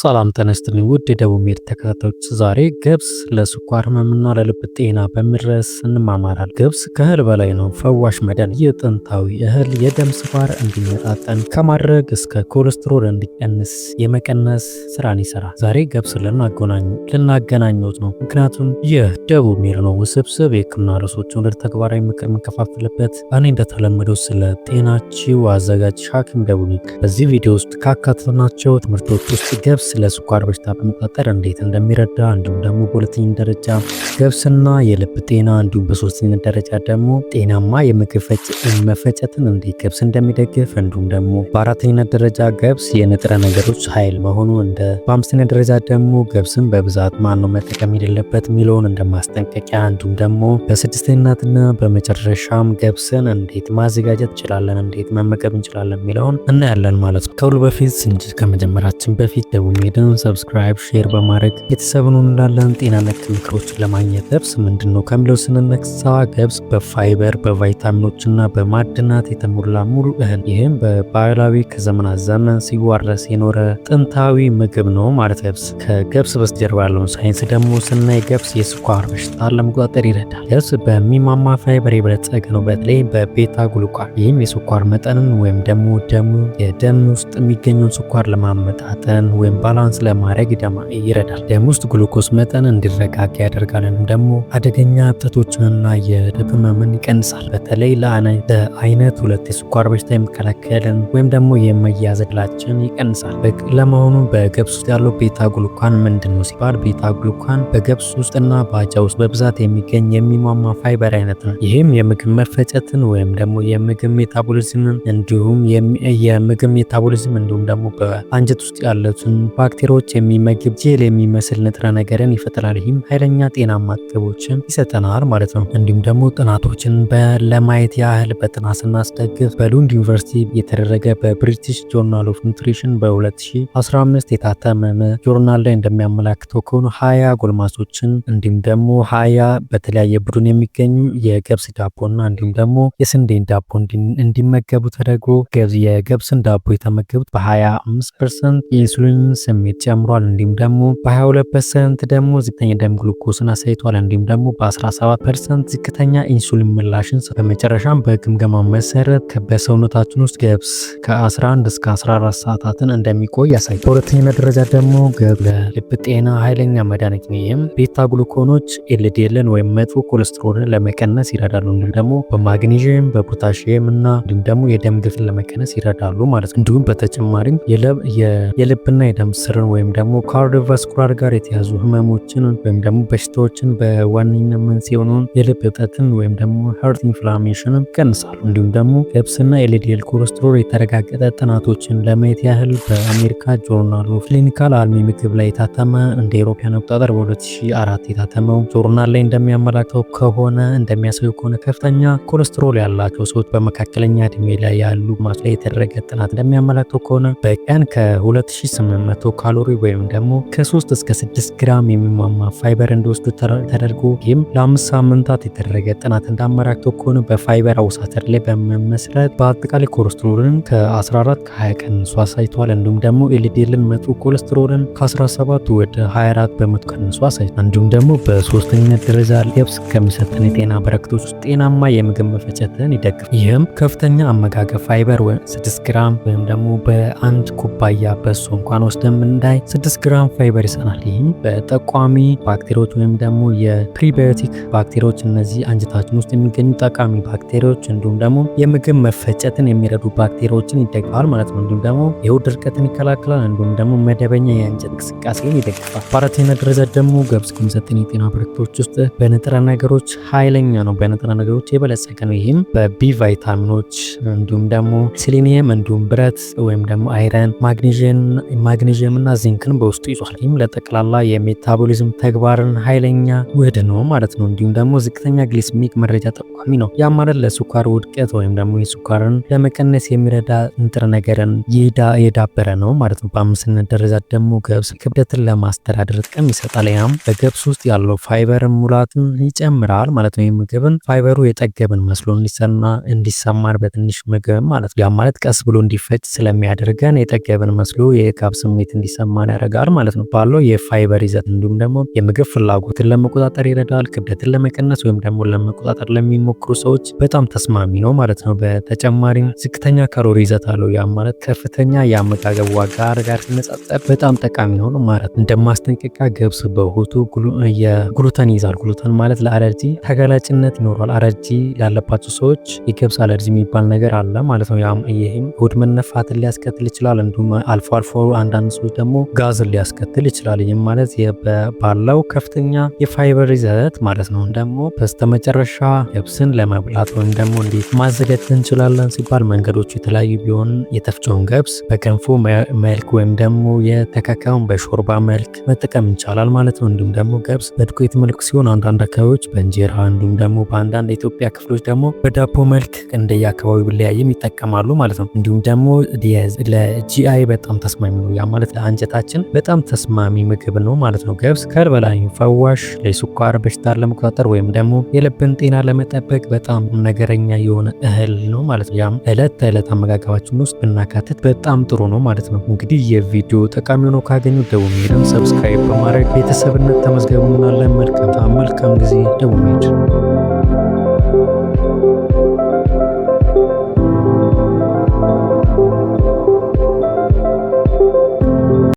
ሰላም ተነስትን ውድ የደቡብ ሜድ ተከታታዮች፣ ዛሬ ገብስ ለስኳር ህመምና ለልብ ጤና በምድረስ እንማማራል። ገብስ ከእህል በላይ ነው ፈዋሽ መደን። ይህ ጥንታዊ እህል የደም ስኳር እንዲመጣጠን ከማድረግ እስከ ኮሌስትሮል እንዲቀንስ የመቀነስ ስራን ይሰራል። ዛሬ ገብስ ልናገናኘት ነው፣ ምክንያቱም ይህ ደቡብ ሜድ ነው። ውስብስብ የህክምና ርዕሶችን ወደ ተግባራዊ ምክር የምንከፋፍልበት፣ እኔ እንደተለመደው ስለ ጤናችሁ አዘጋጅ ሐኪም ደቡብ ሜድ። በዚህ ቪዲዮ ውስጥ ካካተትናቸው ትምህርቶች ውስጥ ገብስ ስለ ስኳር በሽታ በመቆጣጠር እንዴት እንደሚረዳ እንዲሁም ደግሞ በሁለተኛ ደረጃ ገብስና የልብ ጤና እንዲሁም በሶስተኛ ደረጃ ደግሞ ጤናማ የምግብ መፈጨትን እንዴት ገብስ እንደሚደግፍ እንዲሁም ደግሞ በአራተኛ ደረጃ ገብስ የንጥረ ነገሮች ኃይል መሆኑ እንደ በአምስተኛ ደረጃ ደግሞ ገብስን በብዛት ማን ነው መጠቀም የሌለበት የሚለውን እንደ ማስጠንቀቂያ እንዲሁም ደግሞ በስድስተኛነትና በመጨረሻም ገብስን እንዴት ማዘጋጀት እንችላለን እንዴት መመገብ እንችላለን የሚለውን እናያለን ማለት ነው። ከሁሉ በፊት ስንጅ ከመጀመራችን በፊት ደቡ ሜድን ሰብስክራይብ፣ ሼር በማድረግ ቤተሰብን እንላለን። ጤና ነክ ምክሮችን ለማግኘት ገብስ ምንድን ነው ከሚለው ስንነሳ ገብስ በፋይበር በቫይታሚኖችና በማዕድናት የተሞላ ሙሉ እህል ይህም በባህላዊ ከዘመናት ዘመን ሲዋረስ የኖረ ጥንታዊ ምግብ ነው ማለት ገብስ። ከገብስ በስተጀርባ ያለውን ሳይንስ ደግሞ ስናይ ገብስ የስኳር በሽታን ለመቆጣጠር ይረዳል። ገብስ በሚማማ ፋይበር የበለጸገ ነው፣ በተለይ በቤታ ጉልቋል። ይህም የስኳር መጠንን ወይም ደግሞ ደሙ የደም ውስጥ የሚገኘውን ስኳር ለማመጣጠን ወይም ባላንስ ለማድረግ ይረዳል። ደም ውስጥ ግሉኮስ መጠን እንዲረጋጋ ያደርጋል። ደግሞ አደገኛ እብጠቶችንና የልብ ህመምን ይቀንሳል። በተለይ ለአይነት ሁለት የስኳር በሽታ የሚከላከልን ወይም ደግሞ የመያዝ ዕድላችን ይቀንሳል። ለመሆኑ በገብስ ውስጥ ያለው ቤታ ግሉካን ምንድን ነው ሲባል ቤታ ግሉካን በገብስ ውስጥና በአጃ ውስጥ በብዛት የሚገኝ የሚሟማ ፋይበር አይነት ነው። ይህም የምግብ መፈጨትን ወይም ደግሞ የምግብ ሜታቦሊዝምን እንዲሁም የምግብ ሜታቦሊዝም እንዲሁም ደግሞ በአንጀት ውስጥ ያለትን ባክቴሪያዎች የሚመግብ ጄል የሚመስል ንጥረ ነገርን ይፈጥራል። ይህም ኃይለኛ ጤናማ ጥቅሞችን ይሰጠናል ማለት ነው። እንዲሁም ደግሞ ጥናቶችን ለማየት ያህል በጥናት ስናስደግፍ በሉንድ ዩኒቨርሲቲ የተደረገ በብሪቲሽ ጆርናል ኦፍ ኒትሪሽን በ2015 የታተመመ ጆርናል ላይ እንደሚያመላክተው ከሆኑ ሀያ ጎልማሶችን እንዲሁም ደግሞ ሀያ በተለያየ ቡድን የሚገኙ የገብስ ዳቦና እንዲሁም ደግሞ የስንዴን ዳቦ እንዲመገቡ ተደርጎ የገብስን ዳቦ የተመገቡት በ25 ፐርሰንት የኢንሱሊን ስሜት ጨምሯል። እንዲሁም ደግሞ በ22 ፐርሰንት ደግሞ ዝቅተኛ ደም ግሉኮስን አሳይቷል። እንዲሁም ደግሞ በ17 ፐርሰንት ዝቅተኛ ኢንሱሊን ምላሽን። በመጨረሻም በግምገማ መሰረት በሰውነታችን ውስጥ ገብስ ከ11 እስከ 14 ሰዓታትን እንደሚቆይ ያሳያል። በሁለተኛ ደረጃ ደግሞ ገብስ ለልብ ጤና ኃይለኛ መድኃኒት ነው። ይህም ቤታ ግሉኮኖች ኤልዲኤልን ወይም መጥፎ ኮሌስትሮልን ለመቀነስ ይረዳሉ። እንዲሁም ደግሞ በማግኒዥየም በፖታሽየም እና እንዲሁም ደግሞ የደም ግፍን ለመቀነስ ይረዳሉ ማለት ነው። እንዲሁም በተጨማሪም የልብና የደም ስርን ወይም ደግሞ ካርዲዮቫስኩላር ጋር የተያዙ ህመሞችን ወይም ደግሞ በሽታዎችን በዋነኛ መንስኤ የሆነውን የልብ እብጠትን ወይም ደግሞ ሀርት ኢንፍላሜሽንን ይቀንሳሉ። እንዲሁም ደግሞ ገብስና ኤልዲኤል ኮለስትሮል የተረጋገጠ ጥናቶችን ለማየት ያህል በአሜሪካ ጆርናል ኦፍ ክሊኒካል አልሚ ምግብ ላይ የታተመ እንደ ኤሮፓያን አቆጣጠር በ2004 የታተመው ጆርናል ላይ እንደሚያመላክተው ከሆነ እንደሚያሳዩ ከሆነ ከፍተኛ ኮለስትሮል ያላቸው ሰዎች በመካከለኛ እድሜ ላይ ያሉ ማች ላይ የተደረገ ጥናት እንደሚያመላክተው ከሆነ በቀን ከ2800 100 ካሎሪ ወይም ደግሞ ከ3 እስከ 6 ግራም የሚሟማ ፋይበር እንዲወስዱ ተደርጎ ይህም ለአምስት ሳምንታት የተደረገ ጥናት እንዳመራክተ ከሆነ በፋይበር አውሳተር ላይ በመመስረት በአጠቃላይ ኮሌስትሮልን ከ14 ከ20 ቀንሶ አሳይተዋል። እንዲሁም ደግሞ ኤልዲልን መጡ ኮለስትሮልን ከ17 ወደ 24 በመቶ ቀንሶ አሳይተዋል። እንዲሁም ደግሞ በሶስተኛ ደረጃ ገብስ ከሚሰጠን የጤና በረከቶች ውስጥ ጤናማ የምግብ መፈጨትን ይደግፍ። ይህም ከፍተኛ አመጋገብ ፋይበር 6 ግራም ወይም ደግሞ በአንድ ኩባያ በሶ እንኳን ወስደ እንደምናይ 6 ግራም ፋይበር ይሰናል። ይህም በጠቋሚ ባክቴሪያዎች ወይም ደግሞ የፕሪባዮቲክ ባክቴሪዎች እነዚህ አንጀታችን ውስጥ የሚገኙ ጠቃሚ ባክቴሪዎች እንዲሁም ደግሞ የምግብ መፈጨትን የሚረዱ ባክቴሪያዎችን ይደግፋል ማለት ነው። እንዲሁም ደግሞ የሆድ ድርቀትን ይከላከላል። እንዲሁም ደግሞ መደበኛ የአንጀት እንቅስቃሴን ይደግፋል። በአራተኛ ደረጃ ደግሞ ገብስ ከሚሰጠን የጤና በረከቶች ውስጥ በንጥረ ነገሮች ኃይለኛ ነው። በንጥረ ነገሮች የበለጸገ ነው። ይህም በቢ ቫይታሚኖች እንዲሁም ደግሞ ሲሊኒየም እንዲሁም ብረት ወይም ደግሞ አይረን ማግኔዥን ካልሽየምና ዚንክን በውስጡ ይዟል። ይህም ለጠቅላላ የሜታቦሊዝም ተግባርን ኃይለኛ ውህድ ነው ማለት ነው። እንዲሁም ደግሞ ዝቅተኛ ግሊስሚክ መረጃ ጠቋሚ ነው። ያ ማለት ለስኳር ውድቀት ወይም ደግሞ የስኳርን ለመቀነስ የሚረዳ ንጥረ ነገርን የዳበረ ነው ማለት ነው። በአምስትነት ደረጃ ደግሞ ገብስ ክብደትን ለማስተዳደር ጥቅም ይሰጣል። ያም በገብስ ውስጥ ያለው ፋይበር ሙላትን ይጨምራል ማለት ነው። ምግብን ፋይበሩ የጠገብን መስሎ እንዲሰና እንዲሰማር በትንሽ ምግብ ማለት ነው። ያ ማለት ቀስ ብሎ እንዲፈጭ ስለሚያደርገን የጠገብን መስሎ የጋብ ስሜት ስሜት እንዲሰማን ያደርጋል ማለት ነው። ባለው የፋይበር ይዘት እንዲሁም ደግሞ የምግብ ፍላጎትን ለመቆጣጠር ይረዳል። ክብደትን ለመቀነስ ወይም ደግሞ ለመቆጣጠር ለሚሞክሩ ሰዎች በጣም ተስማሚ ነው ማለት ነው። በተጨማሪም ዝቅተኛ ካሎሪ ይዘት አለው። ያ ማለት ከፍተኛ የአመጋገብ ዋጋ ጋር ሲነጻጸር በጣም ጠቃሚ ነው ማለት እንደ ማስጠንቀቂያ ገብስ በውህቱ የግሉተን ይዛል። ጉሉተን ማለት ለአለርጂ ተጋላጭነት ይኖረዋል። አለርጂ ያለባቸው ሰዎች የገብስ አለርጂ የሚባል ነገር አለ ማለት ነው። ይህም ሆድ መነፋትን ሊያስከትል ይችላል። እንዲሁም አልፎ አልፎ አንዳንድ በራሱ ደግሞ ጋዝን ሊያስከትል ይችላል። ይህም ማለት ባለው ከፍተኛ የፋይበር ይዘት ማለት ነው። ደግሞ በስተመጨረሻ ገብስን ለመብላት ወይም ደግሞ እንዴት ማዘጋጀት እንችላለን ሲባል መንገዶቹ የተለያዩ ቢሆን የተፈጨውን ገብስ በገንፎ መልክ ወይም ደግሞ የተከካውን በሾርባ መልክ መጠቀም ይቻላል ማለት ነው። እንዲሁም ደግሞ ገብስ በዱቄት መልክ ሲሆን አንዳንድ አካባቢዎች በእንጀራ እንዲሁም ደግሞ በአንዳንድ የኢትዮጵያ ክፍሎች ደግሞ በዳቦ መልክ እንደየ አካባቢ ብለያይም ይጠቀማሉ ማለት ነው። እንዲሁም ደግሞ ለጂአይ በጣም ተስማሚ ነው ያ ማለት ማለት ለአንጀታችን በጣም ተስማሚ ምግብ ነው ማለት ነው። ገብስ ከበላይ ፈዋሽ፣ ለስኳር በሽታን ለመቆጣጠር ወይም ደግሞ የልብን ጤና ለመጠበቅ በጣም ነገረኛ የሆነ እህል ነው ማለት ነው። ያም እለት ተዕለት አመጋገባችን ውስጥ ብናካትት በጣም ጥሩ ነው ማለት ነው። እንግዲህ የቪዲዮ ጠቃሚ ሆኖ ካገኙ ደቡብ ሜድን ሰብስክራይብ በማድረግ ቤተሰብነት ተመዝገቡና ለመልካም መልካም ጊዜ ደቡብ ሜድ